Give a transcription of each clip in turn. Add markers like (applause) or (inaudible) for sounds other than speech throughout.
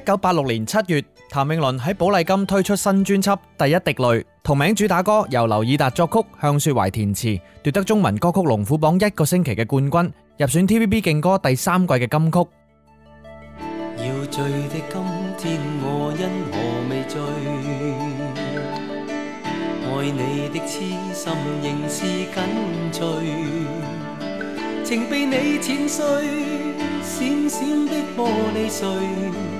一九八六年七月，譚詠麟喺寶麗金推出新專輯《第一滴淚》，同名主打歌由劉以達作曲、向雪懷填詞，奪得中文歌曲龍虎榜一個星期嘅冠軍，入選 TVB 勁歌第三季嘅金曲。要醉的今天我因何未醉？愛你的痴心仍是緊醉，情被你淺碎，閃閃的玻璃碎。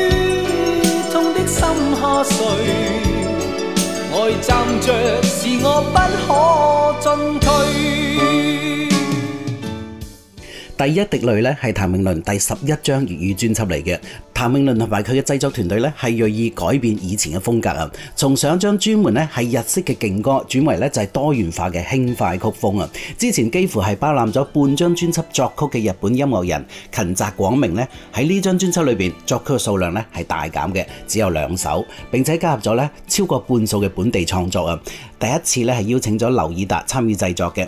心下垂，呆站着是我不可進退。第一滴淚咧係譚詠麟第十一張粵語專輯嚟嘅，譚詠麟同埋佢嘅製作團隊咧係銳意改變以前嘅風格啊，從上一張專門咧係日式嘅勁歌轉為咧就係多元化嘅輕快曲風啊。之前幾乎係包攬咗半張專輯作曲嘅日本音樂人芹澤廣明咧喺呢張專輯裏邊作曲嘅數量咧係大減嘅，只有兩首，並且加入咗咧超過半數嘅本地創作啊。第一次咧係邀請咗劉以達參與製作嘅。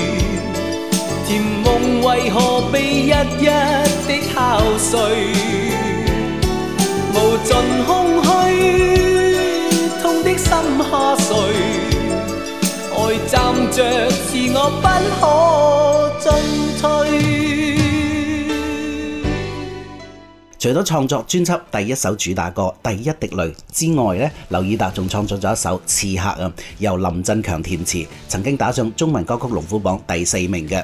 為何被一一的敲碎，無盡空虛，痛的心下垂，愛站著，是我不可進退。除咗創作專輯第一首主打歌《第一滴淚》之外咧，劉以達仲創作咗一首《刺客》由林振強填詞，曾經打上中文歌曲龍虎榜第四名嘅。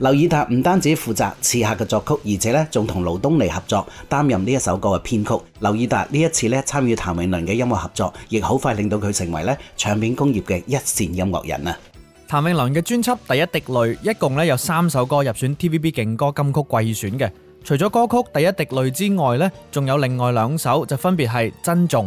劉以達唔單止負責刺客嘅作曲，而且咧仲同盧東尼合作，擔任呢一首歌嘅編曲。劉以達呢一次咧參與譚詠麟嘅音樂合作，亦好快令到佢成為咧唱片工業嘅一線音樂人啊！譚詠麟嘅專輯《第一滴淚》一共咧有三首歌入選 TVB 勁歌金曲季選嘅，除咗歌曲《第一滴淚》之外咧，仲有另外兩首就分別係《珍重》。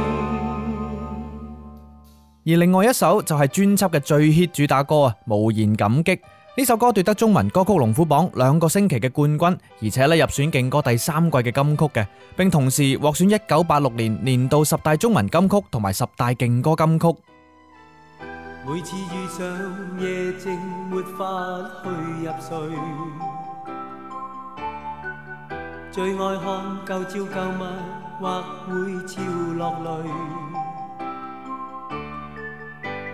而另外一首就係專輯嘅最 hit 主打歌啊，無言感激呢首歌奪得中文歌曲龍虎榜兩個星期嘅冠軍，而且咧入選勁歌第三季嘅金曲嘅，並同時獲選一九八六年年度十大中文金曲同埋十大勁歌金曲。每次遇上夜靜，沒法去入睡，最愛看舊照舊物，或會笑落淚。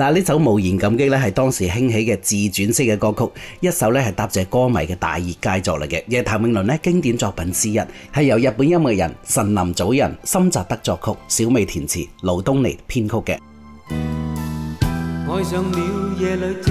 嗱，呢首《無言感激》呢係當時興起嘅自傳式嘅歌曲，一首呢係答謝歌迷嘅大熱佳作嚟嘅，亦係譚詠麟呢經典作品之一，係由日本音樂人神林早人、森澤德作曲，小美填詞，盧東尼編曲嘅。愛上了夜裏靜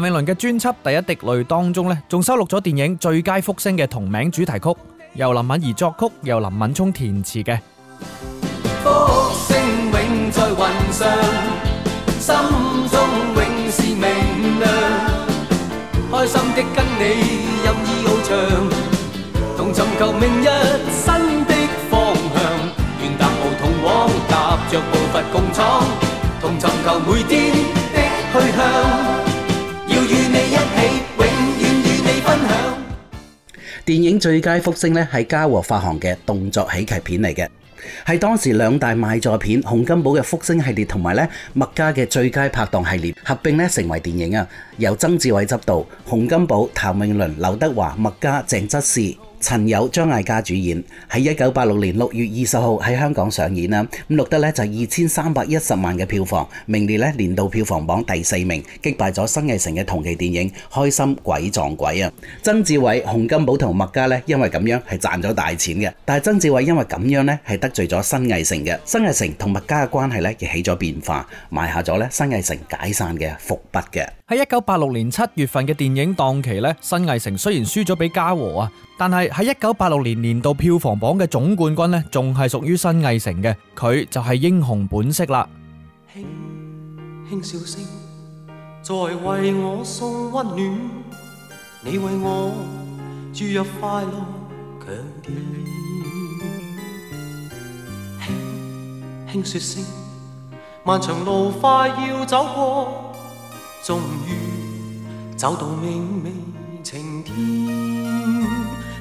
譚詠麟嘅專輯《第一滴淚》當中咧，仲收錄咗電影《最佳福星》嘅同名主題曲，由林敏怡作曲，由林敏聰填詞嘅。電影最佳福星咧，係嘉禾發行嘅動作喜劇片嚟嘅，係當時兩大賣座片洪金寶嘅福星系列同埋咧，麥嘉嘅最佳拍檔系列合併成為電影啊，由曾志偉執導，洪金寶、譚詠麟、劉德華、麥嘉、鄭則仕。陳友、張艾嘉主演，喺一九八六年六月二十號喺香港上演啦。咁錄得呢就二千三百一十萬嘅票房，名列呢年度票房榜第四名，擊敗咗新藝城嘅同期電影《開心鬼撞鬼》啊。曾志偉、洪金寶同麥嘉呢，因為咁樣係賺咗大錢嘅。但係曾志偉因為咁樣呢，係得罪咗新藝城嘅，新藝城同麥嘉嘅關係呢，亦起咗變化，埋下咗呢新藝城解散嘅伏筆嘅。喺一九八六年七月份嘅電影檔期呢，新藝城雖然輸咗俾嘉禾啊。但係喺一九八六年年度票房榜嘅總冠軍呢，仲係屬於新藝城嘅，佢就係英雄本色啦。輕輕笑聲在為我送温暖，你為我注入快樂強電。輕輕說聲，漫長路快要走過，終於走到明媚晴天。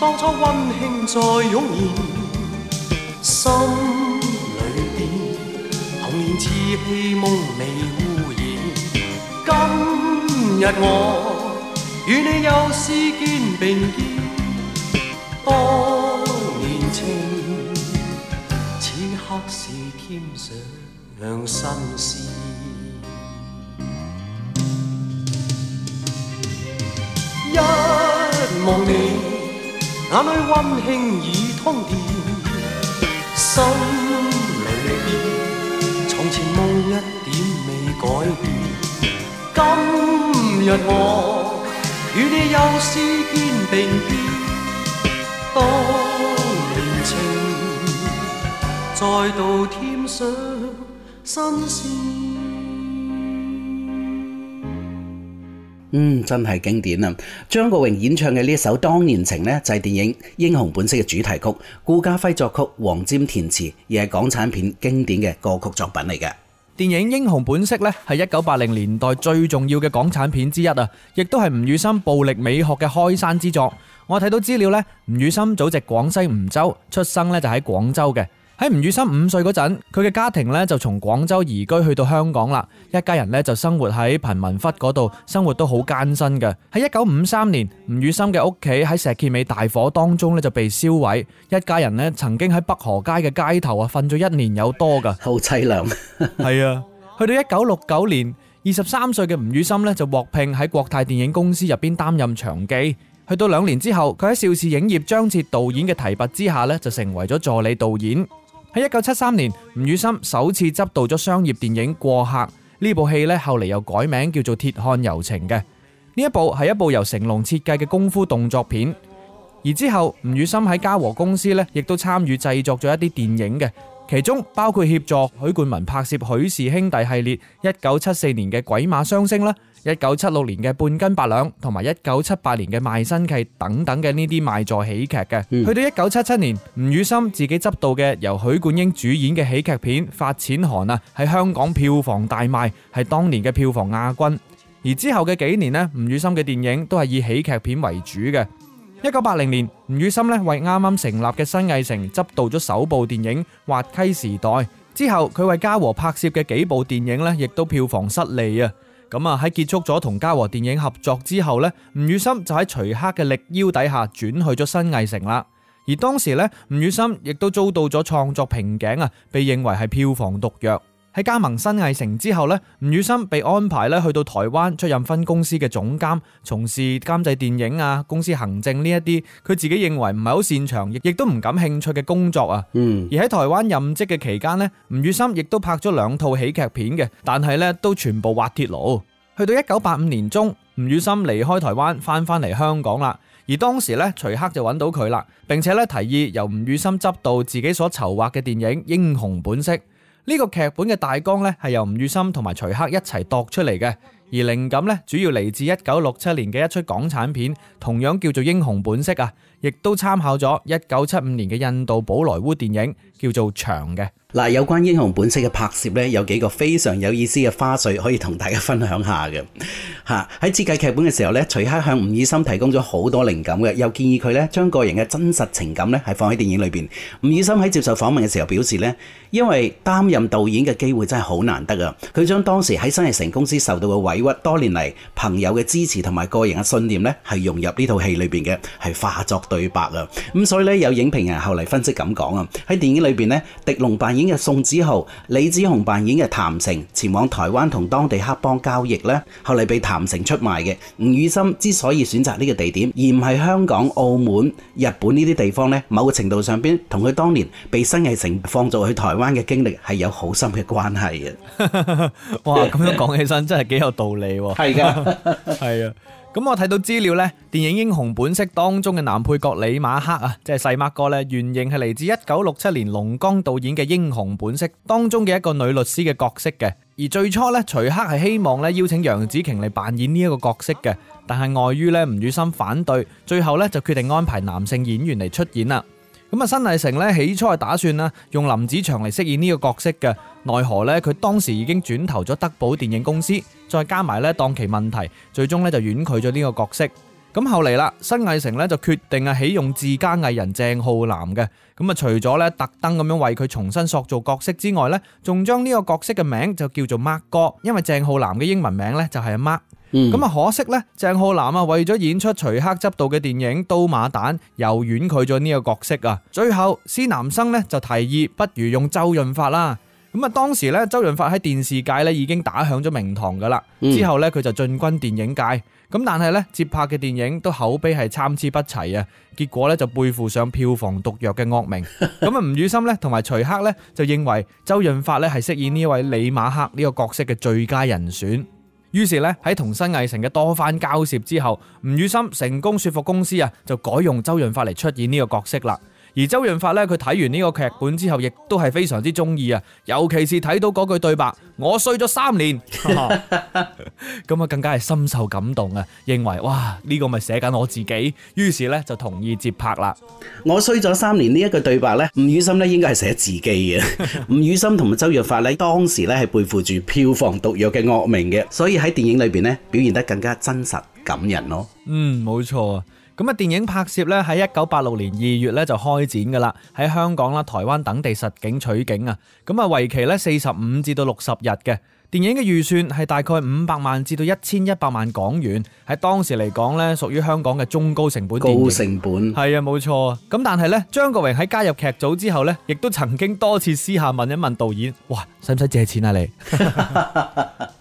當初溫馨再湧現，心裏邊童年稚氣夢未污染。今日我與你又試肩並肩，當年情此刻是添上新鮮。眼裏溫馨已通電，心裏邊從前夢一點未改變。今日我與你又試肩並肩，當年情再度添上新鮮。嗯，真係經典啊！張國榮演唱嘅呢一首《當年情》呢，就係電影《英雄本色》嘅主題曲，顧嘉輝作曲，黃霑填詞，亦係港產片經典嘅歌曲作品嚟嘅。電影《英雄本色》呢，係一九八零年代最重要嘅港產片之一啊，亦都係吳宇森暴力美學嘅開山之作。我睇到資料呢，吳宇森祖籍廣西梧州，出生呢就喺廣州嘅。喺吳宇森五歲嗰陣，佢嘅家庭咧就從廣州移居去到香港啦。一家人咧就生活喺貧民窟嗰度，生活都好艱辛嘅。喺一九五三年，吳宇森嘅屋企喺石硤尾大火當中咧就被燒毀，一家人咧曾經喺北河街嘅街頭啊瞓咗一年有多噶，好淒涼。係啊，去到一九六九年，二十三歲嘅吳宇森咧就獲聘喺國泰電影公司入邊擔任場記。去到兩年之後，佢喺邵氏影業張徹導演嘅提拔之下咧就成為咗助理導演。喺一九七三年，吳宇森首次執導咗商業電影《過客》呢部戲咧，後嚟又改名叫做《鐵漢柔情》嘅，呢一部係一部由成龍設計嘅功夫動作片。而之後，吳宇森喺嘉禾公司咧，亦都參與製作咗一啲電影嘅。其中包括協助許冠文拍攝《許氏兄弟系列》、一九七四年嘅《鬼馬雙星》啦、一九七六年嘅《半斤八兩》同埋一九七八年嘅《賣身契》等等嘅呢啲賣座喜劇嘅。去、嗯、到一九七七年，吳宇森自己執導嘅由許冠英主演嘅喜劇片《發錢寒》啊，喺香港票房大賣，係當年嘅票房亞軍。而之後嘅幾年咧，吳宇森嘅電影都係以喜劇片為主嘅。一九八零年，吳宇森咧為啱啱成立嘅新藝城執導咗首部電影《滑稽時代》之後，佢為嘉禾拍攝嘅幾部電影咧，亦都票房失利啊！咁啊喺結束咗同嘉禾電影合作之後咧，吳宇森就喺徐克嘅力邀底下轉去咗新藝城啦。而當時咧，吳宇森亦都遭到咗創作瓶頸啊，被認為係票房毒藥。喺加盟新藝城之後咧，吳宇森被安排咧去到台灣出任分公司嘅總監，從事監製電影啊、公司行政呢一啲，佢自己認為唔係好擅長，亦亦都唔感興趣嘅工作啊。嗯。而喺台灣任職嘅期間咧，吳宇森亦都拍咗兩套喜劇片嘅，但係咧都全部滑鐵盧。去到一九八五年中，吳宇森離開台灣，翻翻嚟香港啦。而當時咧，徐克就揾到佢啦，並且咧提議由吳宇森執導自己所籌劃嘅電影《英雄本色》。呢個劇本嘅大綱咧係由吳宇森同埋徐克一齊度出嚟嘅，而靈感咧主要嚟自一九六七年嘅一出港產片，同樣叫做《英雄本色》啊。亦都參考咗一九七五年嘅印度寶萊塢電影，叫做《長嘅》。嗱，有關英雄本色嘅拍攝咧，有幾個非常有意思嘅花絮可以同大家分享下嘅。嚇，喺設計劇本嘅時候咧，徐克向吳宇森提供咗好多靈感嘅，又建議佢咧將個人嘅真實情感咧係放喺電影裏面。吳宇森喺接受訪問嘅時候表示呢，因為擔任導演嘅機會真係好難得啊！佢將當時喺新藝城公司受到嘅委屈，多年嚟朋友嘅支持同埋個人嘅信念咧，係融入呢套戲裏邊嘅，係化作對白啊，咁所以咧，有影評人後嚟分析咁講啊，喺電影裏邊呢，狄龍扮演嘅宋子豪，李子雄扮演嘅譚成前往台灣同當地黑幫交易呢，後嚟被譚成出賣嘅。吳宇森之所以選擇呢個地點，而唔係香港、澳門、日本呢啲地方呢，某個程度上邊同佢當年被新藝城放逐去台灣嘅經歷係有好深嘅關係嘅。 (laughs) 哇，咁樣講起身真係幾有道理喎，係 (laughs) 噶是的，係啊。咁我睇到資料呢，電影《英雄本色》當中嘅男配角李馬克啊，即係細馬哥呢，原型係嚟自一九六七年龍剛導演嘅《英雄本色》當中嘅一個女律師嘅角色嘅。而最初呢，徐克係希望呢邀請楊紫瓊嚟扮演呢一個角色嘅，但係礙於呢吳宇森反對，最後呢就決定安排男性演員嚟出演啦。咁啊，新藝城咧，起初係打算啦用林子祥嚟飾演呢個角色嘅，奈何咧佢當時已經轉投咗德寶電影公司，再加埋咧檔期問題，最終咧就婉拒咗呢個角色。咁後嚟啦，新藝城咧就決定啊起用自家藝人鄭浩南嘅。咁啊，除咗咧特登咁樣為佢重新塑造角色之外咧，仲將呢個角色嘅名就叫做 Mark 哥，因為鄭浩南嘅英文名咧就係阿 Mark。咁、嗯、啊，可惜咧，鄭浩南啊，為咗演出徐克執導嘅電影《刀馬旦》，又婉拒咗呢個角色啊。最後施南生咧就提議，不如用周潤發啦。咁、嗯、啊，當時咧，周潤發喺電視界咧已經打響咗名堂噶啦。之後咧，佢就進軍電影界。咁但係咧，接拍嘅電影都口碑係參差不齊啊。結果咧就背負上票房毒藥嘅惡名。咁 (laughs) 啊，吳宇森咧同埋徐克咧就認為周潤發咧係飾演呢位李馬克呢個角色嘅最佳人選。於是咧喺同新藝城嘅多番交涉之後，吳宇森成功說服公司啊，就改用周潤發嚟出演呢個角色啦。而周潤發咧，佢睇完呢個劇本之後，亦都係非常之中意啊！尤其是睇到嗰句對白：我衰咗三年，咁啊 (laughs) 更加係深受感動啊！認為哇，呢個咪寫緊我自己，於是咧就同意接拍啦。我衰咗三年呢一句對白咧，吳宇森咧應該係寫自己嘅。吳宇森同埋周潤發咧，當時咧係背負住票房毒藥嘅惡名嘅，所以喺電影裏邊咧表現得更加真實感人咯，哦。嗯，冇錯。咁啊，電影拍攝咧喺一九八六年二月咧就開展噶啦，喺香港啦、台灣等地實景取景啊。咁啊，為期咧四十五至到六十日嘅電影嘅預算係大概五百萬至到一千一百萬港元，喺當時嚟講咧屬於香港嘅中高成本電影。高成本係啊，冇錯。咁但係咧，張國榮喺加入劇組之後咧，亦都曾經多次私下問一問導演：哇，使唔使借錢啊你？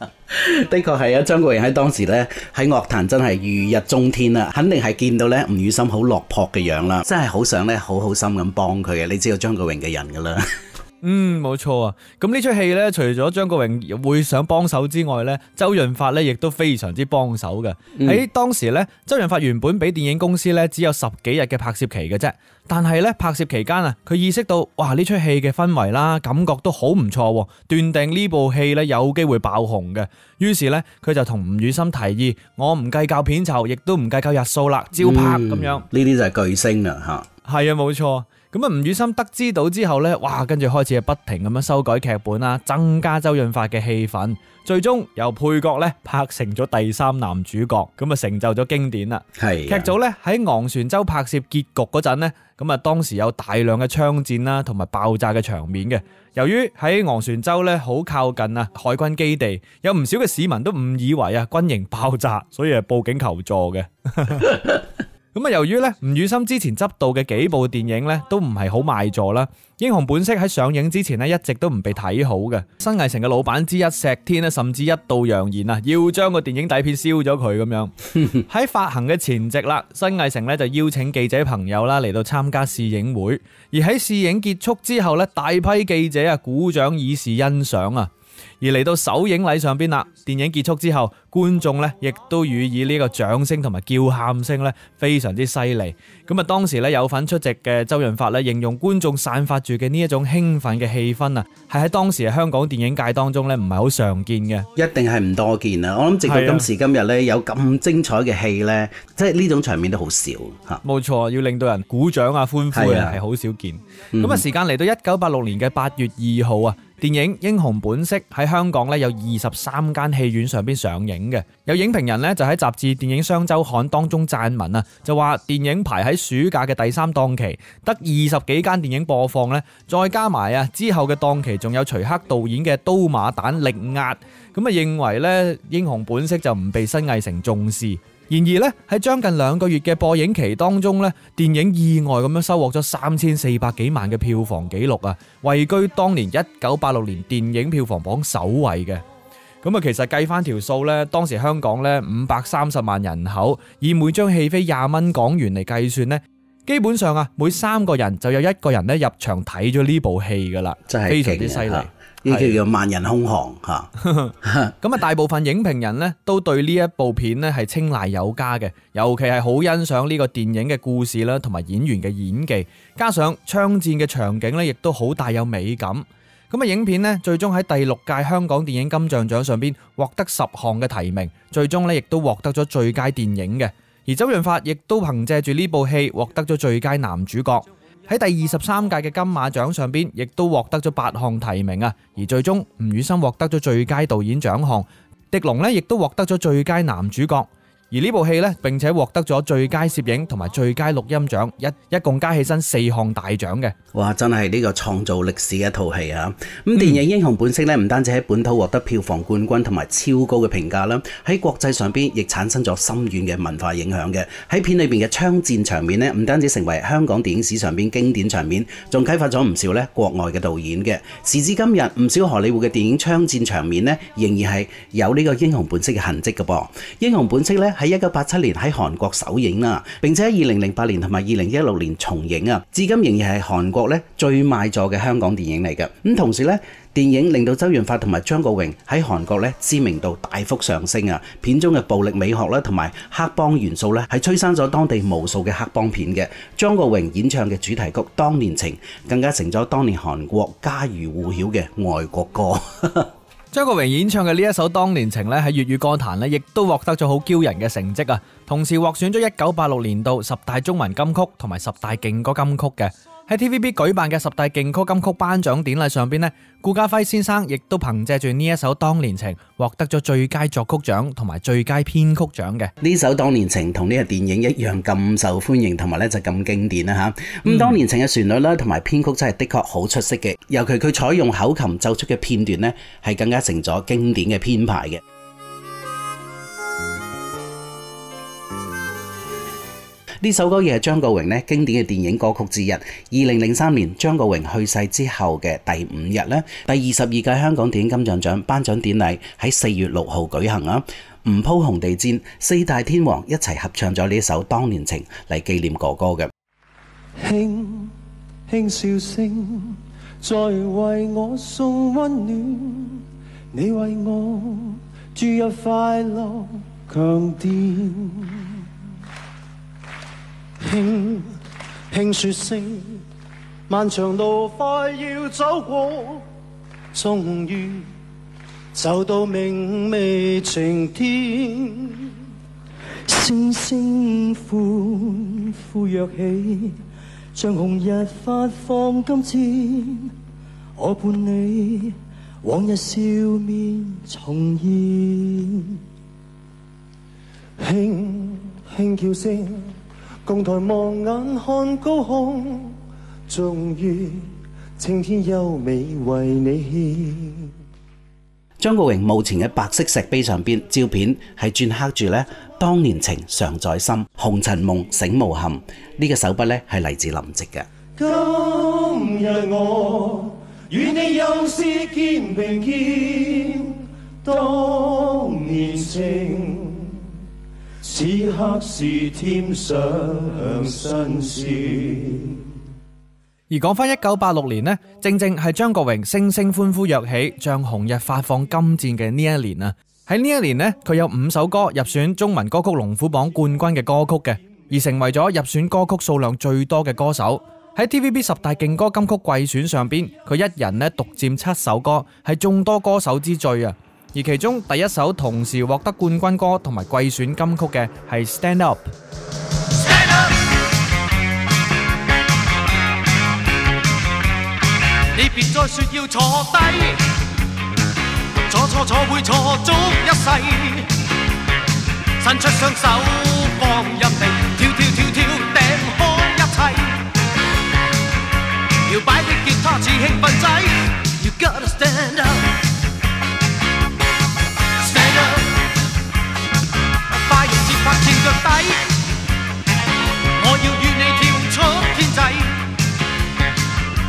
(laughs) (laughs) 的確係啊，張國榮喺當時呢喺樂壇真係如日中天啦，肯定係見到呢吳宇森好落魄嘅樣啦，真係好想呢好好心咁幫佢嘅，你知道張國榮嘅人噶啦。 (laughs) 嗯，冇錯啊！咁呢出戲呢，除咗張國榮會想幫手之外潤呢，周潤發呢亦都非常之幫手嘅。喺、嗯、當時呢，周潤發原本俾電影公司呢只有十幾日嘅拍攝期嘅啫，但係呢，拍攝期間啊，佢意識到哇呢出戲嘅氛圍啦，感覺都好唔錯，斷定呢部戲呢有機會爆紅嘅。於是呢，佢就同吳宇森提議：我唔計較片酬，亦都唔計較日數啦，照拍咁、嗯、樣。呢啲就係巨星啊！吓。係啊，冇錯。咁啊，吳宇森得知到之後呢，哇，跟住開始啊，不停咁樣修改劇本啦，增加周潤發嘅戲份，最終由配角呢拍成咗第三男主角，咁啊成就咗經典啦。係啊。劇組呢喺昂船洲拍攝結局嗰陣呢，咁啊當時有大量嘅槍戰啦，同埋爆炸嘅場面嘅。由於喺昂船洲呢好靠近啊海軍基地，有唔少嘅市民都誤以為啊軍營爆炸，所以係報警求助嘅。 (laughs) 咁啊，由於咧，吳宇森之前執導嘅幾部電影咧，都唔係好賣座啦。《英雄本色》喺上映之前呢一直都唔被睇好嘅。新藝城嘅老闆之一石天咧甚至一度揚言啊，要將個電影底片燒咗佢咁樣。喺 (laughs) 發行嘅前夕啦，新藝城咧就邀請記者朋友啦嚟到參加試影會，而喺試影結束之後咧，大批記者啊鼓掌以示欣賞啊。而嚟到首映禮上邊啦，電影結束之後，觀眾呢亦都予以呢個掌聲同埋叫喊聲呢非常之犀利。咁啊，當時呢，有份出席嘅周潤發呢形容觀眾散發住嘅呢一種興奮嘅氣氛啊，係喺當時香港電影界當中呢唔係好常見嘅，一定係唔多見啊！我諗直到今時今日呢，有咁精彩嘅戲呢，即係呢種場面都好少吓。冇錯，要令到人鼓掌啊、歡呼是啊，係好少見。咁、嗯、啊，時間嚟到一九八六年嘅八月二號啊。電影《英雄本色》喺香港咧有二十三間戲院上邊上映嘅，有影評人咧就喺雜誌《電影雙周刊》當中撰文啊，就話電影排喺暑假嘅第三檔期，得二十幾間電影播放呢，再加埋啊之後嘅檔期仲有徐克導演嘅《刀馬旦》力壓，咁啊認為咧《英雄本色》就唔被新藝城重視。然而咧，喺將近兩個月嘅播映期當中呢，電影意外咁樣收穫咗三千四百幾萬嘅票房紀錄啊，位居當年一九八六年電影票房榜首位嘅。咁啊，其實計翻條數呢，當時香港呢，五百三十萬人口，以每張戲飛廿蚊港元嚟計算呢，基本上啊，每三個人就有一個人呢入場睇咗呢部戲噶啦，非常之犀利。呢啲叫做萬人空巷吓，咁啊，大部分影評人呢都對呢一部片呢係青睞有加嘅，尤其係好欣賞呢個電影嘅故事啦，同埋演員嘅演技，加上槍戰嘅場景呢亦都好帶有美感。咁啊，影片呢最終喺第六屆香港電影金像獎上邊獲得十項嘅提名，最終呢亦都獲得咗最佳電影嘅，而周潤發亦都憑借住呢部戲獲得咗最佳男主角。喺第二十三屆嘅金馬獎上面，亦都獲得咗八項提名，而最終吳宇森獲得咗最佳導演獎項，狄龍呢亦都獲得咗最佳男主角。而呢部戲咧，並且獲得咗最佳攝影同埋最佳錄音獎，一一共加起身四項大獎嘅。哇！真係呢個創造歷史嘅套戲啊！咁電影《英雄本色》呢，唔單止喺本土獲得票房冠軍同埋超高嘅評價啦，喺國際上邊亦產生咗深遠嘅文化影響嘅。喺片裏邊嘅槍戰場面呢，唔單止成為香港電影史上邊經典場面，仲啟發咗唔少呢國外嘅導演嘅。時至今日，唔少荷里活嘅電影槍戰場面呢，仍然係有呢個英雄本色嘅痕跡嘅噃。英雄本色呢。喺一九八七年喺韓國首映啊，並且喺二零零八年同埋二零一六年重映啊，至今仍然係韓國咧最賣座嘅香港電影嚟嘅。咁同時咧，電影令到周潤發同埋張國榮喺韓國咧知名度大幅上升啊。片中嘅暴力美學啦同埋黑幫元素咧，係催生咗當地無數嘅黑幫片嘅。張國榮演唱嘅主題曲《當年情》，更加成咗當年韓國家喻戶曉嘅外國歌。 (laughs) 張國榮演唱嘅呢一首《當年情》咧，喺粵語歌壇咧，亦都獲得咗好驕人嘅成績啊！同時獲選咗一九八六年度十大中文金曲同埋十大勁歌金曲嘅。喺 TVB 舉辦嘅十大勁曲金曲頒獎典禮上邊呢，顧嘉輝先生亦都憑借住呢一首《當年情》獲得咗最佳作曲獎同埋最佳編曲獎嘅。呢首《當年情》同呢個電影一樣咁受歡迎，同埋咧就咁經典啦吓。咁《當年情》嘅旋律咧同埋編曲真係的確好出色嘅，尤其佢採用口琴奏出嘅片段呢，係更加成咗經典嘅編排嘅。呢首歌亦係張國榮咧經典嘅電影歌曲之一。二零零三年張國榮去世之後嘅第五日咧，第二十二屆香港電影金像獎頒獎典禮喺四月六號舉行啊，唔鋪紅地氈，四大天王一齊合唱咗呢一首《當年情》嚟紀念哥哥嘅。輕輕笑聲在為我送溫暖，你為我注入快樂強電。輕輕說聲，漫長路快要走過，終於走到明媚晴天。聲聲歡呼躍起，像紅日發放金箭，我伴你往日笑面重現。輕輕叫聲。張國榮墓前嘅白色石碑上邊，照片係篆刻住呢當年情常在心，紅塵夢醒無憾。呢、呢個手筆呢係嚟自林夕嘅。今日我與你又試肩並肩，當年情。此刻是添上新鮮。而講翻一九八六年咧，正正係張國榮聲聲歡呼躍起，像紅日發放金箭嘅呢一年啊！喺呢一年咧，佢有五首歌入選中文歌曲龍虎榜冠，冠軍嘅歌曲嘅，而成為咗入選歌曲數量最多嘅歌手。喺 TVB 十大勁歌金曲季選上邊，佢一人咧獨佔七首歌，係眾多歌手之最啊！而其中第一首同時獲得冠軍歌同埋季選金曲嘅係《Stand Up》。我要與你跳出天際，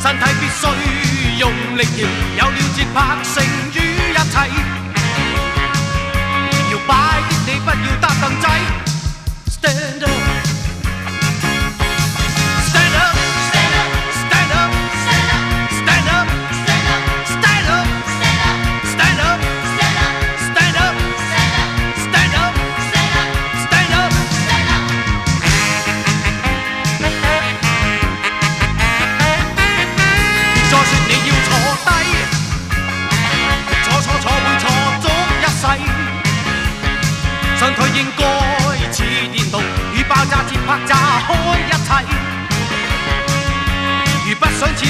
身體必須用力搖，有了節拍勝於一切。搖擺的你不要搭凳仔，Stand up。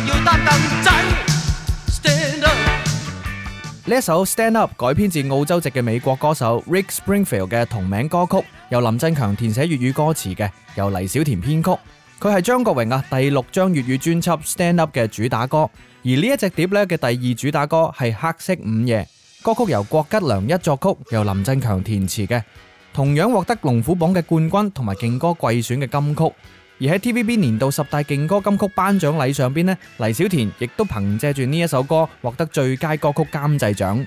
呢一首《Stand Up》，這首 Stand Up 改編自澳洲籍嘅美國歌手 Rick Springfield 嘅同名歌曲，由林振強填寫粵語歌詞嘅，由黎小田編曲。佢係張國榮啊第六張粵語專輯《Stand Up》嘅主打歌，而呢一隻碟呢嘅第二主打歌係《黑色午夜》，歌曲由郭吉良一作曲，由林振強填詞嘅，同樣獲得龍虎榜嘅冠軍同埋勁歌季選嘅金曲。而喺 TVB 年度十大勁歌金曲頒獎禮上邊咧，黎小田亦都憑藉住呢一首歌獲得最佳歌曲監製獎。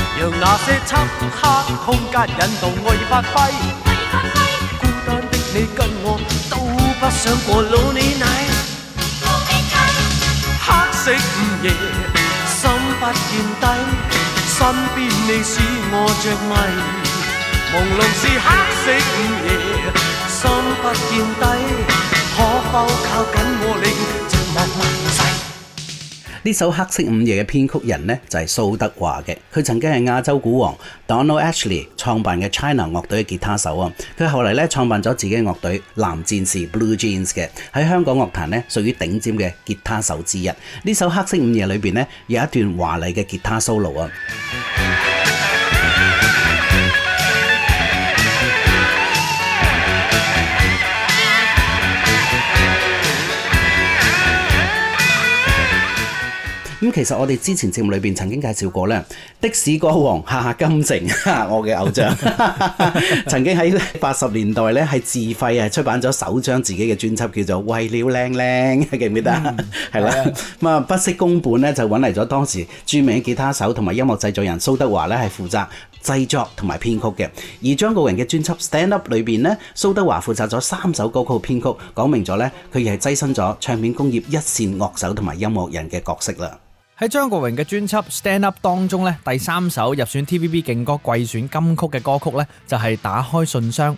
讓那些漆黑空間引導愛意發揮，孤單的你跟我都不想過老你奶。黑色午夜，心不見底，身邊你使我着迷。朦 (noise) 朧樂是黑色午夜，心不見底，可否靠緊我，你。寂寞麻痹。呢首《黑色午夜》嘅編曲人呢，就係蘇德華嘅，佢曾經係亞洲鼓王 Donald Ashley 創辦嘅 China 樂隊嘅吉他手啊，佢後嚟呢，創辦咗自己嘅樂隊藍戰士 Blue Jeans 嘅，喺香港樂壇呢，屬於頂尖嘅吉他手之一。呢首《黑色午夜》裏面呢，有一段華麗嘅吉他 solo 啊！咁其實我哋之前節目裏邊曾經介紹過咧，《的士歌王》夏金城，我嘅偶像，曾經喺八十年代咧係自費係出版咗首張自己嘅專輯，叫做《為了靚靚靚》，記唔記得？係、嗯、啦，咁啊、嗯，不惜工本咧就揾嚟咗當時著名嘅吉他手同埋音樂製作人蘇德華咧，係負責製作同埋編曲嘅。而張國榮嘅專輯《Stand Up》裏邊咧，蘇德華負責咗三首歌曲嘅編曲，講明咗咧佢亦係躋身咗唱片工業一線樂手同埋音樂人嘅角色啦。喺張國榮嘅專輯《Stand Up》當中咧，第三首入選 TVB 勁歌季選金曲嘅歌曲咧，就係《打開信箱》。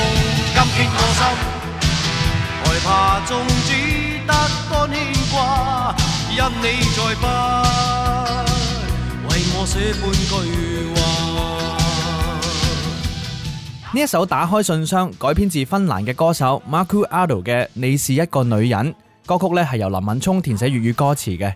害怕中止得多牽掛，因你再不為我寫半句話。呢一首打開信箱改編自芬蘭嘅歌手 Marko Aldo 嘅《你是一個女人》歌曲咧，係由林敏聰填寫粵語歌詞嘅。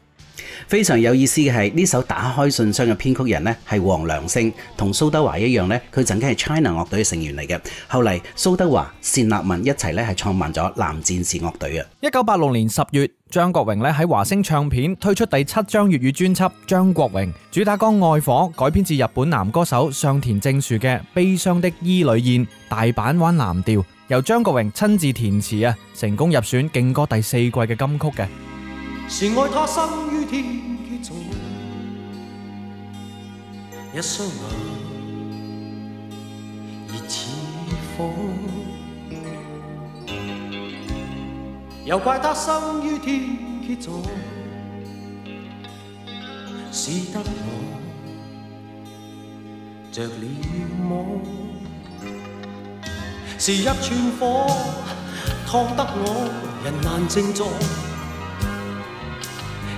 非常有意思嘅係呢首打開信箱嘅編曲人呢，係黃良星，同蘇德華一樣呢，佢曾經係 China 樂隊嘅成員嚟嘅。後嚟蘇德華、單立文一齊呢，係創辦咗藍戰士樂隊啊。一九八六年十月，張國榮呢，喺華星唱片推出第七張粵語專輯《張國榮》，主打歌《愛火》改編自日本男歌手上田正樹嘅《悲傷的伊呂燕》《大阪灣藍調》，由張國榮親自填詞啊，成功入選勁歌第四季嘅金曲嘅。是愛他生於天蠍座，一雙眼熱似火，又怪他生於天蠍座，使得我着了魔，是一串火燙得我人難靜坐。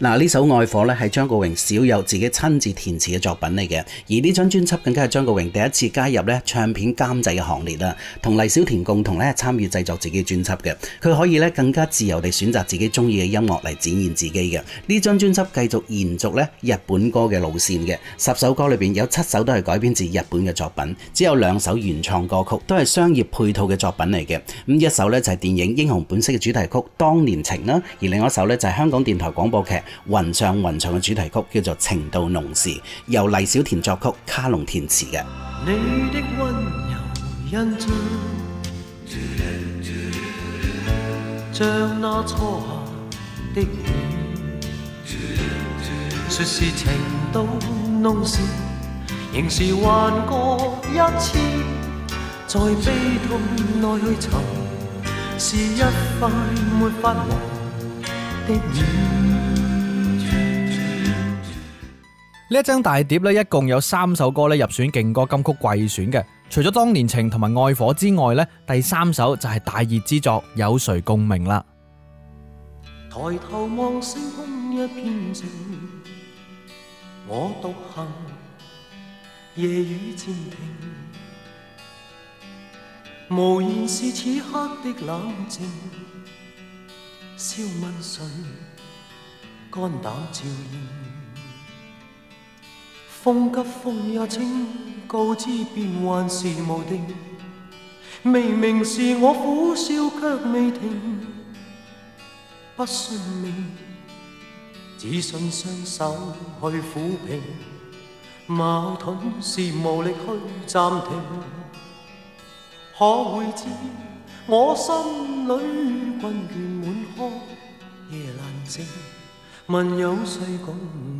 嗱，呢首《愛火》咧係張國榮少有自己親自填詞嘅作品嚟嘅，而呢張專輯更加係張國榮第一次加入咧唱片監製嘅行列啦，同黎小田共同咧參與製作自己專輯嘅。佢可以咧更加自由地選擇自己中意嘅音樂嚟展現自己嘅。呢張專輯繼續延續咧日本歌嘅路線嘅，十首歌裏邊有七首都係改編自日本嘅作品，只有兩首原創歌曲，都係商業配套嘅作品嚟嘅。咁一首咧就係電影《英雄本色》嘅主題曲《當年情》啦，而另外一首咧就係香港電台廣播劇《雲上雲上》嘅主題曲叫做《情到濃時》，由黎小田作曲，卡龍填詞嘅。你的溫柔印象，像那初夏的雨，說是情到濃時，仍是幻覺一次，在悲痛內去尋，是一塊沒法忘的雨。呢一張大碟呢，一共有三首歌呢入選勁歌金曲季選嘅，除咗當年情同埋愛火之外呢，第三首就係大熱之作，有誰共鳴啦。抬頭望星空一片清，我獨行，夜雨漸停，無言是此刻的冷靜，笑問誰，肝膽照應。風急風也清，告知變幻是無定。明明是我苦笑卻未停，不信命，只信雙手去苦拼。矛盾是無力去暫停，可會知我心裏困倦滿腔，夜闌靜，問有誰共鳴。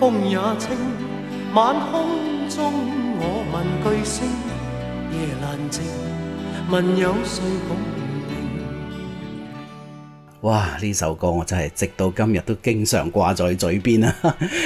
風也清，晚空中我問句星，夜闌靜，問有誰共？哇！呢首歌我真係直到今日都經常掛在嘴邊啊！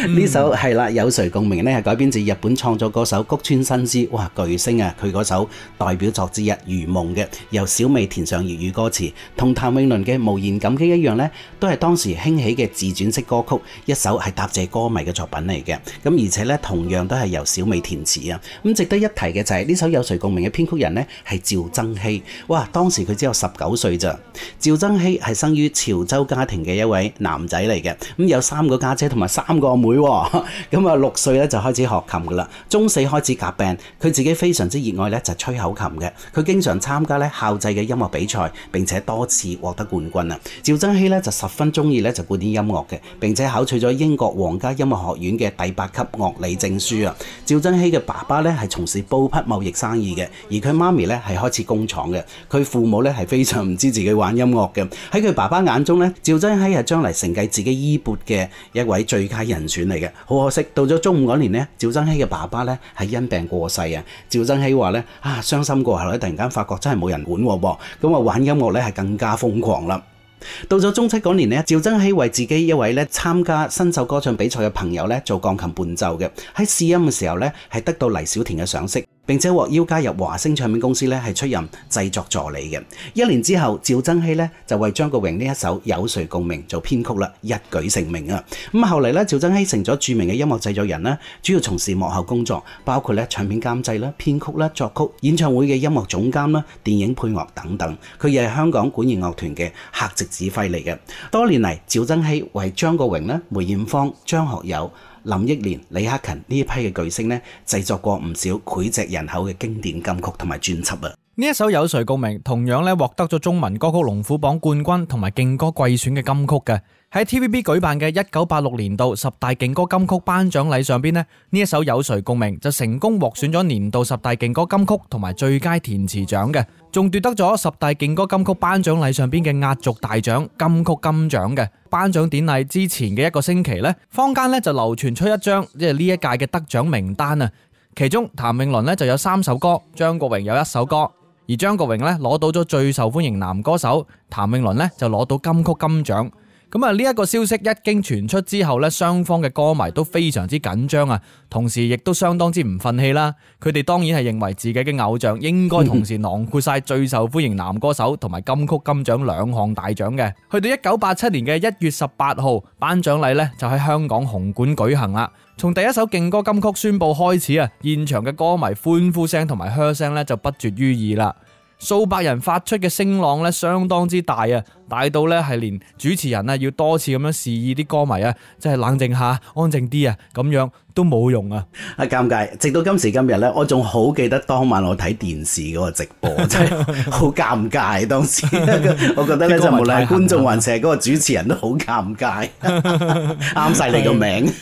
呢 (laughs) 首係啦、嗯，有誰共鳴咧？係改編自日本創作歌手谷川新之哇巨星啊！佢首代表作之一如夢嘅，由小美填上粵語歌詞同譚詠麟嘅無言感激一樣咧，都係當時興起嘅自傳式歌曲，一首係答謝歌迷嘅作品嚟嘅。咁而且咧，同樣都係由小美填詞啊！咁值得一提嘅就係、是、呢首有誰共鳴嘅編曲人咧，係趙增熹。哇！當時佢只有十九歲咋？趙增熹係生於。潮州家庭嘅一位男仔嚟嘅，咁有三個家姐同埋三個阿妹，妹，咁啊六歲咧就開始學琴噶啦，中四開始夾病，佢自己非常之熱愛咧就吹口琴嘅，佢經常參加咧校際嘅音樂比賽，並且多次獲得冠軍啊！趙增熹咧就十分鍾意咧就古典音樂嘅，並且考取咗英國皇家音樂學院嘅第八級樂理證書啊！趙增熹嘅爸爸咧係從事布匹貿易生意嘅，而佢媽咪咧係開始工廠嘅，佢父母咧係非常唔知自己玩音樂嘅，喺佢爸爸，眼中咧，趙增熹係將來承繼自己衣缽嘅一位最佳人選嚟嘅。好可惜，到咗中五嗰年呢，趙增熹嘅爸爸呢係因病過世啊。趙增熹話呢，啊，傷心過後咧，突然間發覺真係冇人管，咁啊玩音樂呢係更加瘋狂啦。到咗中七嗰年呢，趙增熹為自己一位呢參加新秀歌唱比賽嘅朋友呢做鋼琴伴奏嘅，喺試音嘅時候呢，係得到黎小田嘅賞識。並且獲邀加入華星唱片公司呢係出任製作助理嘅。一年之後，趙增熹呢就為張國榮呢一首《有誰共鳴》做編曲啦，一舉成名啊！咁、嗯、後來呢，趙增熹成咗著名嘅音樂製作人呢主要從事幕後工作，包括咧唱片監製啦、編曲啦、作曲、演唱會嘅音樂總監啦、電影配樂等等。佢亦係香港管弦樂團嘅客席指揮嚟嘅。多年嚟，趙增熹為張國榮呢、梅艷芳、張學友。林憶蓮、李克勤呢一批嘅巨星製作過唔少膾炙人口嘅經典金曲同埋專輯啊！呢一首有誰共鳴，同樣咧獲得咗中文歌曲龍虎榜冠軍同埋勁歌季選嘅金曲嘅。喺 TVB 舉辦嘅一九八六年度十大勁歌金曲頒獎禮上邊呢，呢一首有誰共鳴就成功獲選咗年度十大勁歌金曲同埋最佳填詞獎嘅，仲奪得咗十大勁歌金曲頒獎禮上邊嘅壓軸大獎金曲金獎嘅。頒獎典禮之前嘅一個星期呢，坊間呢就流傳出一張即係呢一屆嘅得獎名單啊，其中譚詠麟呢就有三首歌，張國榮有一首歌。而張國榮呢攞到咗最受歡迎男歌手，譚詠麟呢就攞到金曲金獎。咁啊！呢一個消息一經傳出之後呢，雙方嘅歌迷都非常之緊張啊，同時亦都相當之唔忿氣啦。佢哋當然係認為自己嘅偶像應該同時囊括晒最受歡迎男歌手同埋金曲金獎兩項大獎嘅。去到一九八七年嘅一月十八號，頒獎禮呢就喺香港紅館舉行啦。從第一首勁歌金曲宣布開始啊，現場嘅歌迷歡呼聲同埋噓聲呢就不絕於耳啦。數百人發出嘅聲浪咧，相當之大啊！大到咧係連主持人咧要多次咁樣示意啲歌迷啊，即係冷靜下，安靜啲啊，咁樣都冇用啊！啊，尷尬！直到今時今日咧，我仲好記得當晚我睇電視嗰個直播，真係好尷尬。 (laughs) 當時我覺得咧，即係無論係觀眾還是嗰個主持人，都好尷尬，啱 (laughs) 晒你個名。 (laughs)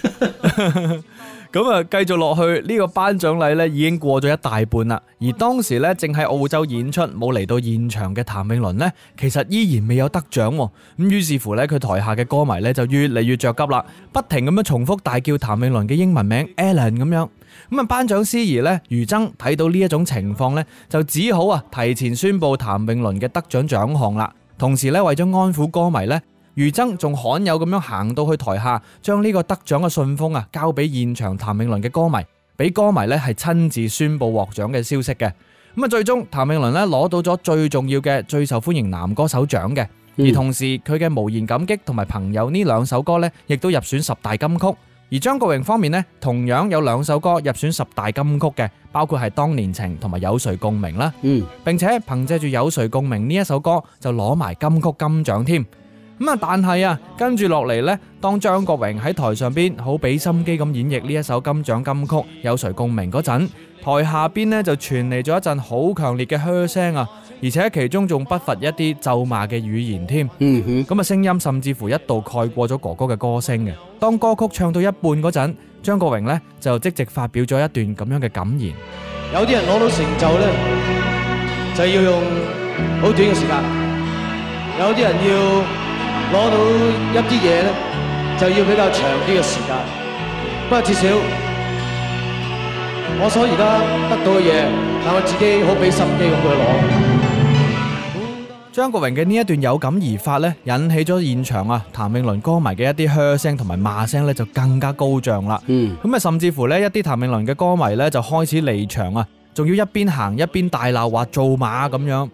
咁啊，繼續落去呢個頒獎禮咧，已經過咗一大半啦。而當時咧，正喺澳洲演出冇嚟到現場嘅譚詠麟呢，其實依然未有得獎喎。咁於是乎咧，佢台下嘅歌迷咧就越嚟越着急啦，不停咁樣重複大叫譚詠麟嘅英文名 Alan 咁樣。咁啊，頒獎司儀呢，餘爭睇到呢一種情況呢，就只好啊提前宣布譚詠麟嘅得獎獎項啦。同時咧，為咗安撫歌迷呢。余爭仲罕有咁樣行到去台下，將呢個得獎嘅信封啊交俾現場譚詠麟嘅歌迷，俾歌迷咧係親自宣布獲獎嘅消息嘅。咁啊，最終譚詠麟咧攞到咗最重要嘅最受歡迎男歌手獎嘅，而同時佢嘅《無言感激》同埋《朋友》呢兩首歌咧，亦都入選十大金曲。而張國榮方面咧，同樣有兩首歌入選十大金曲嘅，包括係《當年情》同埋《有誰共鳴》啦。嗯，並且憑借住《有誰共鳴》呢一首歌就攞埋金曲金獎添。咁啊！但係啊，跟住落嚟咧，當張國榮喺台上邊好俾心機咁演繹呢一首金獎金曲《有誰共鳴》嗰陣，台下邊咧就傳嚟咗一陣好強烈嘅噓聲啊，而且其中仲不乏一啲咒罵嘅語言添。咁啊，聲音甚至乎一度蓋過咗哥哥嘅歌聲嘅。當歌曲唱到一半嗰陣，張國榮咧就即席發表咗一段咁樣嘅感言：有啲人攞到成就咧，就要用好短嘅時間；有啲人要。攞到一啲嘢咧，就要比較長啲嘅時間。不過至少我所而家得到嘅嘢，但我自己好俾心機咁去攞。張國榮嘅呢一段有感而發咧，引起咗現場啊，譚詠麟歌迷嘅一啲噓聲同埋罵聲咧，就更加高漲啦。嗯，咁啊，甚至乎呢，一啲譚詠麟嘅歌迷咧，就開始離場啊，仲要一邊行一邊大鬧話做馬咁樣。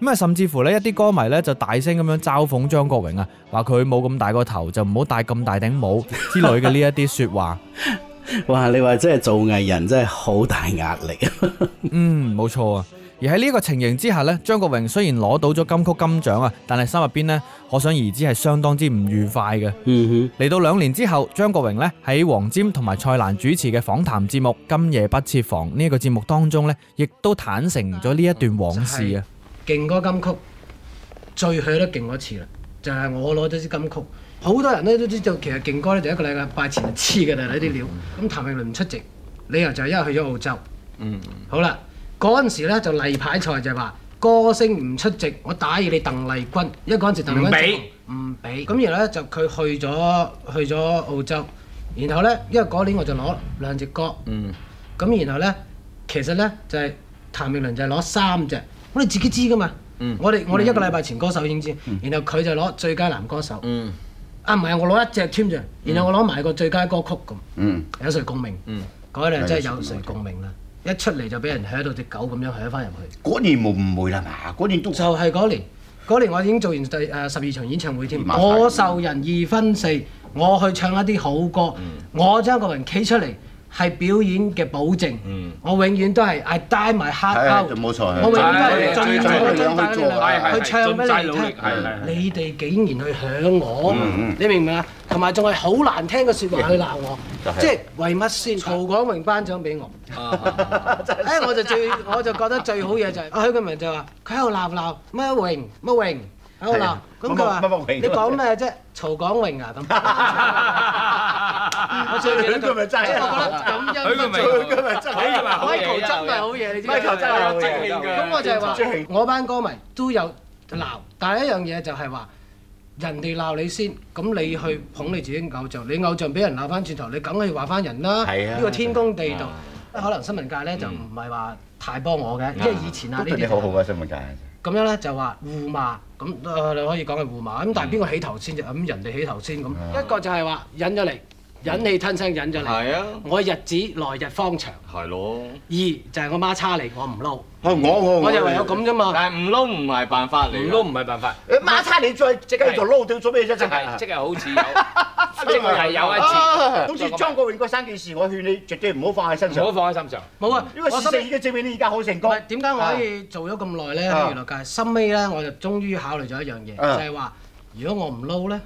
咁啊，甚至乎呢一啲歌迷呢就大聲咁樣嘲諷張國榮啊，話佢冇咁大個頭就唔好戴咁大頂帽之類嘅呢一啲說話。 (laughs) 哇，你話真係做藝人真係好大壓力啊！ (laughs) 嗯，冇錯啊。而喺呢個情形之下呢，張國榮雖然攞到咗金曲金獎啊，但係心入邊呢，可想而知係相當之唔愉快嘅。嚟、嗯、到兩年之後，張國榮呢喺黃霑同埋蔡瀾主持嘅訪談節目《今夜不設防》呢、這、一個節目當中呢，亦都坦承咗呢一段往事啊。勁歌金曲最去得勁嗰次啦，就係、是、我攞咗支金曲，好多人咧都知道。其實勁歌咧就一個禮拜前黐嘅就係呢啲料。咁、嗯嗯、譚詠麟唔出席，理由就係因為去咗澳洲。嗯，嗯好。好啦，嗰陣時咧就例牌賽就係話歌星唔出席，我打預你鄧麗君，因為嗰陣時鄧麗君。唔俾。唔俾。咁然後咧就佢去咗去咗澳洲，然後咧因為嗰年我就攞兩隻歌。嗯，嗯。咁然後咧其實咧就係、是、譚詠麟就攞三隻。我哋自己知噶嘛、嗯？我哋我哋一個禮拜前歌手已經知、嗯，然後佢就攞最佳男歌手、嗯。啊，唔係，我攞一隻添啫，然後我攞埋個最佳歌曲咁。嗯、有誰共鳴？嗰日真係有誰共鳴啦、嗯！一出嚟就俾人喺度、嗯、隻狗咁樣響翻入去。嗰年冇誤會啦嘛，嗰年都就係、是、嗰年，嗰年我已經做完第誒十二場演唱會添。我受人二分四，我去唱一啲好歌，嗯、我將個人企出嚟。係表演嘅保證，嗯、我永遠都係，I die my heart out。我永遠都是，我永遠都是盡力去唱俾你們。你哋竟然去響我，嗯、你明唔明啊？同埋仲係好難聽嘅説話去鬧我，即、嗯、係、就是、為乜先？曹廣榮頒獎畀我，啊 (laughs) 哎、我就最我就覺得最好嘢就係、是，他就說他在我許冠文就話佢喺度鬧鬧乜榮乜榮。嗯、啊，嗱，咁佢話：你講咩啫？曹廣榮啊，咁。我最佢咪爭我啦！咁樣嘅做，佢咪爭。可以真係好嘢，你知唔知？咁我就係話，我班歌迷都有鬧、嗯，但係一樣嘢就係話，人哋鬧你先，咁你去捧你自己偶像，你偶像俾人鬧翻轉頭，你梗係話翻人啦。係啊！呢、啊這個天公地道，可能新聞界咧就唔係話太幫我嘅，因為以前啊呢啲好好嘅新聞界。啊咁樣咧就話互罵，咁你、呃、可以講係互罵。咁但係邊個起頭先啫？咁人哋起頭先。咁、嗯嗯、一個就係話忍咗嚟，忍氣吞聲，忍咗嚟。係啊！我日子來日方長。係咯、啊。二就係、是、我媽叉你，我唔撈。哦、我我、嗯、我又有咁啫嘛，但係唔撈唔係辦法，你唔撈唔係辦法。你媽閪，馬差你再即刻又做撈掉做咩啫？即係好似有， (laughs) 即係有一節。好、啊、似、啊啊、張國榮嗰三件事，我勸你絕對唔好放喺身上。唔好放喺心上。冇、嗯、啊，呢個是你嘅證明，你而家好成功。點、啊、解我可以做咗咁耐咧？喺娛樂界，心尾咧，我就終於考慮咗一樣嘢、啊，就係、是、話，如果我唔撈咧，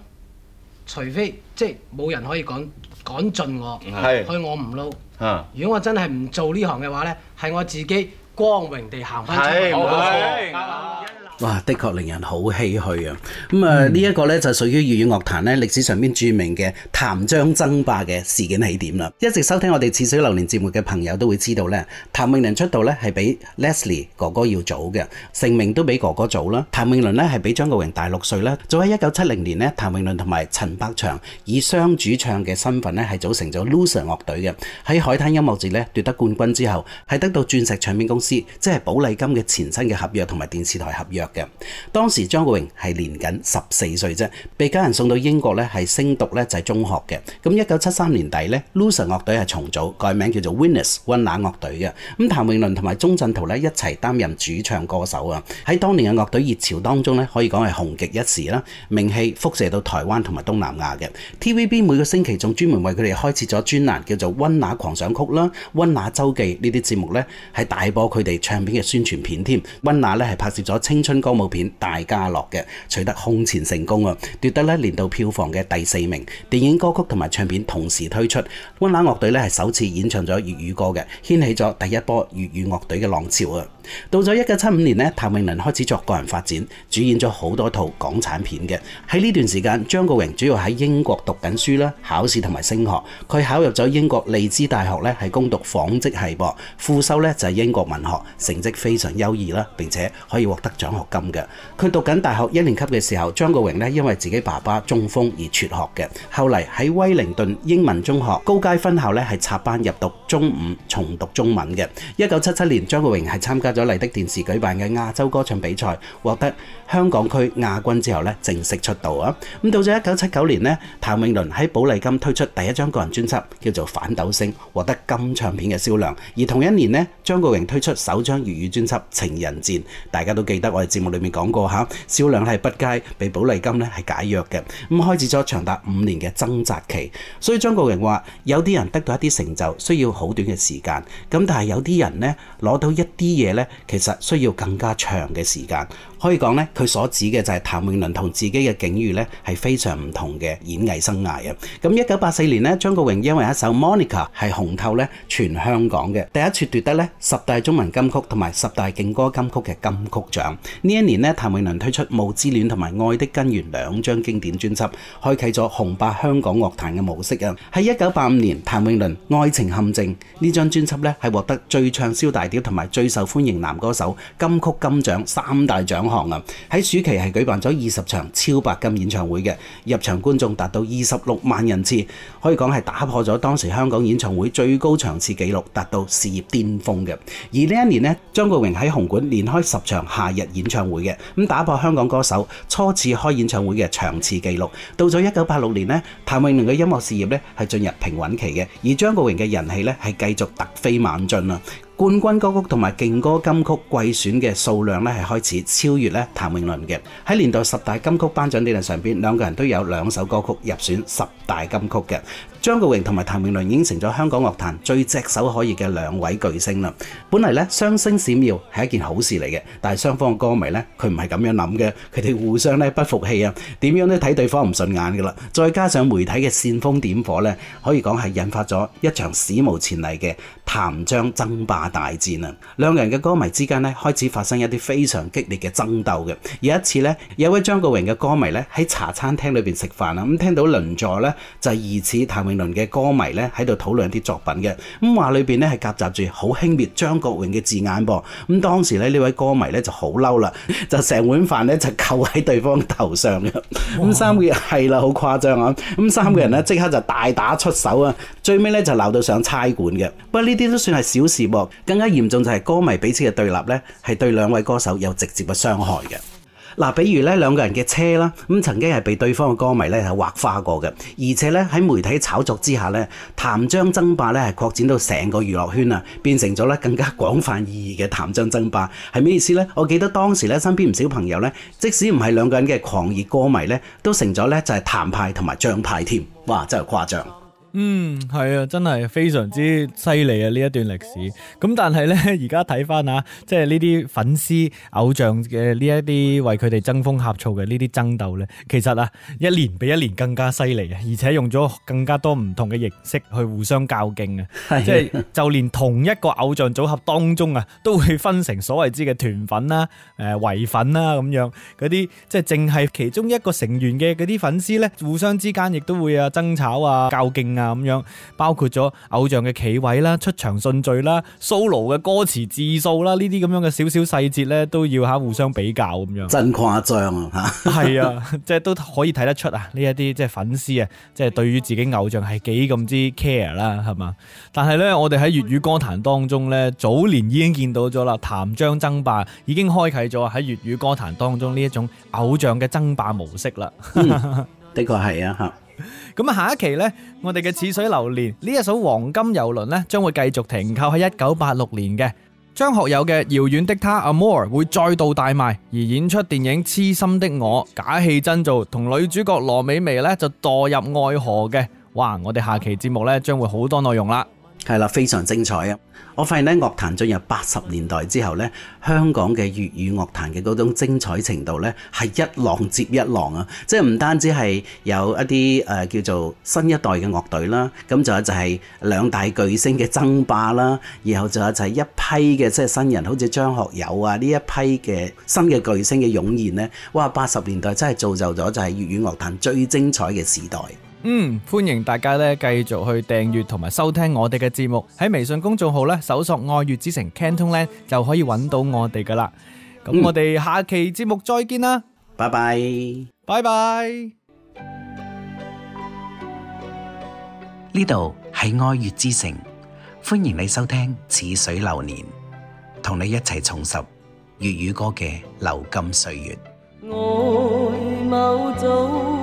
除非即係冇人可以趕趕盡我，嗯、去我唔撈、啊。如果我真係唔做呢行嘅話咧，係我自己。光榮地行翻出嚟，冇錯冇錯冇錯。哇，的確令人好唏噓啊！咁、嗯、啊，呢、嗯、一、個呢，就屬於粵語樂壇歷史上邊著名嘅譚張爭霸嘅事件起點啦。一直收聽我哋《似水流年》節目嘅朋友都會知道呢，譚詠麟出道呢係比 Leslie 哥哥要早嘅，成名都比哥哥早啦。譚詠麟咧係比張國榮大六歲啦。早喺一九七零年呢，譚詠麟同埋陳百祥以雙主唱嘅身份呢係組成咗 Loser 樂隊嘅。喺海灘音樂節呢奪得冠軍之後，係得到鑽石唱片公司，即係寶麗金嘅前身嘅合約同埋電視台合約。嘅當時張國榮係年僅十四歲啫，被家人送到英國咧係升讀咧就係中學嘅。咁一九七三年底咧，Loser 樂隊係重組，改名叫做 Wynners 温拿樂隊嘅。咁譚詠麟同埋鍾鎮濤咧一齊擔任主唱歌手啊！喺當年嘅樂隊熱潮當中咧，可以講係紅極一時啦，名氣輻射到台灣同埋東南亞嘅。TVB 每個星期仲專門為佢哋開設咗專欄，叫做《温拿狂想曲》啦，《温拿周記》呢啲節目咧係大播佢哋唱片嘅宣傳片添。温拿咧係拍攝咗青春。歌舞片《大家樂》嘅取得空前成功啊，奪得咧年度票房嘅第四名。電影歌曲同埋唱片同時推出，温拿樂隊咧係首次演唱咗粵語歌嘅，掀起咗第一波粵語樂隊嘅浪潮啊！到咗一九七五年呢，譚詠麟開始作個人發展，主演咗好多套港產片嘅。喺呢段時間，張國榮主要喺英國讀緊書啦，考試同埋升學。佢考入咗英國利茲大學咧，係攻讀紡織系博，副修咧就係英國文學，成績非常優異啦，並且可以獲得獎學金嘅。佢讀緊大學一年級嘅時候，張國榮呢因為自己爸爸中風而輟學嘅。後嚟喺威靈頓英文中學高階分校咧係插班入讀中五，重讀中文嘅。一九七七年，張國榮係參加咗麗的電視舉辦嘅亞洲歌唱比賽，獲得香港區亞軍之後咧，正式出道啊！咁到咗一九七九年呢，譚詠麟喺寶麗金推出第一張個人專輯，叫做《反斗星》，獲得金唱片嘅銷量。而同一年呢，張國榮推出首張粵語專輯《情人箭》，大家都記得我哋節目裏面講過吓，銷量係不佳，被寶麗金咧係解約嘅。咁開始咗長達五年嘅掙扎期。所以張國榮話：有啲人得到一啲成就需要好短嘅時間，咁但係有啲人呢，攞到一啲嘢咧。其實需要更加長嘅時間。可以講咧，佢所指嘅就係譚詠麟同自己嘅境遇咧係非常唔同嘅演藝生涯啊！咁一九八四年呢張國榮因為一首《Monica》係紅透咧全香港嘅，第一次奪得咧十大中文金曲同埋十大勁歌金曲嘅金曲獎。呢一年呢譚詠麟推出《霧之戀》同埋《愛的根源》兩張經典專輯，開啟咗紅白香港樂壇嘅模式啊！喺一九八五年，譚詠麟《愛情陷阱》呢張專輯咧係獲得最暢銷大碟同埋最受歡迎男歌手、金曲金獎三大獎。喺暑期係舉辦咗二十場超白金演唱會嘅，入場觀眾達到二十六萬人次，可以講係打破咗當時香港演唱會最高場次紀錄，達到事業巔峰嘅。而呢一年呢，張國榮喺紅館連開十場夏日演唱會嘅，咁打破香港歌手初次開演唱會嘅場次紀錄。到咗一九八六年呢，譚詠麟嘅音樂事業咧係進入平穩期嘅，而張國榮嘅人氣咧係繼續突飛猛進啊。冠軍歌曲同埋勁歌金曲季選嘅數量係開始超越譚詠麟嘅。喺年度十大金曲頒獎典禮上，兩個人都有兩首歌曲入選十大金曲嘅。張國榮同埋譚詠麟已經成咗香港樂壇最炙手可熱嘅兩位巨星啦。本嚟咧雙星閃耀係一件好事嚟嘅，但係雙方嘅歌迷咧佢唔係咁樣諗嘅，佢哋互相咧不服氣啊，點樣咧睇對方唔順眼噶啦。再加上媒體嘅煽風點火咧，可以講係引發咗一場史無前例嘅譚張爭霸大戰啊！兩個人嘅歌迷之間咧開始發生一啲非常激烈嘅爭鬥嘅。有一次咧，有位張國榮嘅歌迷咧喺茶餐廳裏邊食飯啊，咁聽到鄰座咧就疑似譚麟嘅歌迷咧喺度討論啲作品嘅，咁話裏邊咧係夾雜住好輕蔑張國榮嘅字眼噃。咁當時咧呢位歌迷咧就好嬲啦，就成碗飯咧就扣喺對方頭上嘅。咁，三,三個人係啦，好誇張啊！咁三個人咧即刻就大打出手啊！最尾咧就鬧到上差館嘅。不過呢啲都算係小事噃，更加嚴重就係歌迷彼此嘅對立咧，係對兩位歌手有直接嘅傷害嘅。嗱，比如咧兩個人嘅車啦，咁曾經係被對方嘅歌迷咧係劃花過嘅，而且咧喺媒體炒作之下咧，譚張爭霸咧係擴展到成個娛樂圈啊，變成咗咧更加廣泛意義嘅譚張爭霸係咩意思呢？我記得當時咧身邊唔少朋友咧，即使唔係兩個人嘅狂熱歌迷咧，都成咗咧就係譚派同埋張派添，哇！真係誇張。嗯，係啊，真係非常之犀利啊！呢一段歷史，咁、嗯、但係咧，而家睇翻啊，即係呢啲粉絲偶像嘅呢一啲為佢哋爭風呷醋嘅呢啲爭鬥咧，其實啊，一年比一年更加犀利啊，而且用咗更加多唔同嘅形式去互相較勁啊！即係、就是、就連同一個偶像組合當中啊，都會分成所謂之嘅團粉啦、啊、誒、呃、唯粉啦、啊、咁樣啲，即係淨係其中一個成員嘅啲粉絲咧，互相之間亦都會啊爭吵啊、較勁啊。啊咁樣，包括咗偶像嘅企位啦、出場順序啦、solo 嘅歌詞字數啦，呢啲咁樣嘅小小細節咧，都要吓互相比較咁樣。真誇張啊！吓，係啊，即係都可以睇得出啊，呢一啲即係粉絲啊，即係對於自己偶像係幾咁之 care 啦，係嘛？但係咧，我哋喺粵語歌壇當中咧，早年已經見到咗啦，譚張爭霸已經開啟咗喺粵語歌壇當中呢一種偶像嘅爭霸模式啦、嗯。的確係啊，吓。咁啊，下一期呢，我哋嘅《似水流年》呢一艘《黃金遊輪》呢，將會繼續停靠喺一九八六年嘅張學友嘅《遙遠的她》Amour 會再度大賣，而演出電影《痴心的我》假戲真做，同女主角羅美薇呢，就墮入愛河嘅。哇！我哋下期節目呢，將會好多內容啦～係啦，非常精彩啊！我發現咧，樂壇進入八十年代之後咧，香港嘅粵語樂壇嘅嗰種精彩程度咧，係一浪接一浪啊！即係唔單止係有一啲誒、呃、叫做新一代嘅樂隊啦，咁仲有就係兩大巨星嘅爭霸啦，然後仲有就係一批嘅即係新人，好似張學友啊呢一批嘅新嘅巨星嘅湧現咧，哇！八十年代真係造就咗就係粵語樂壇最精彩嘅時代。嗯，歡迎大家咧繼續去訂閱同埋收聽我哋嘅節目，喺微信公眾號咧搜索愛粵之城 CantonLand 就可以揾到我哋㗎喇。咁我哋下期節目再見啦，拜拜，拜拜。呢度係愛粵之城，歡迎你收聽《似水流年》，同你一齊重拾粵語歌嘅流金歲月。愛某早。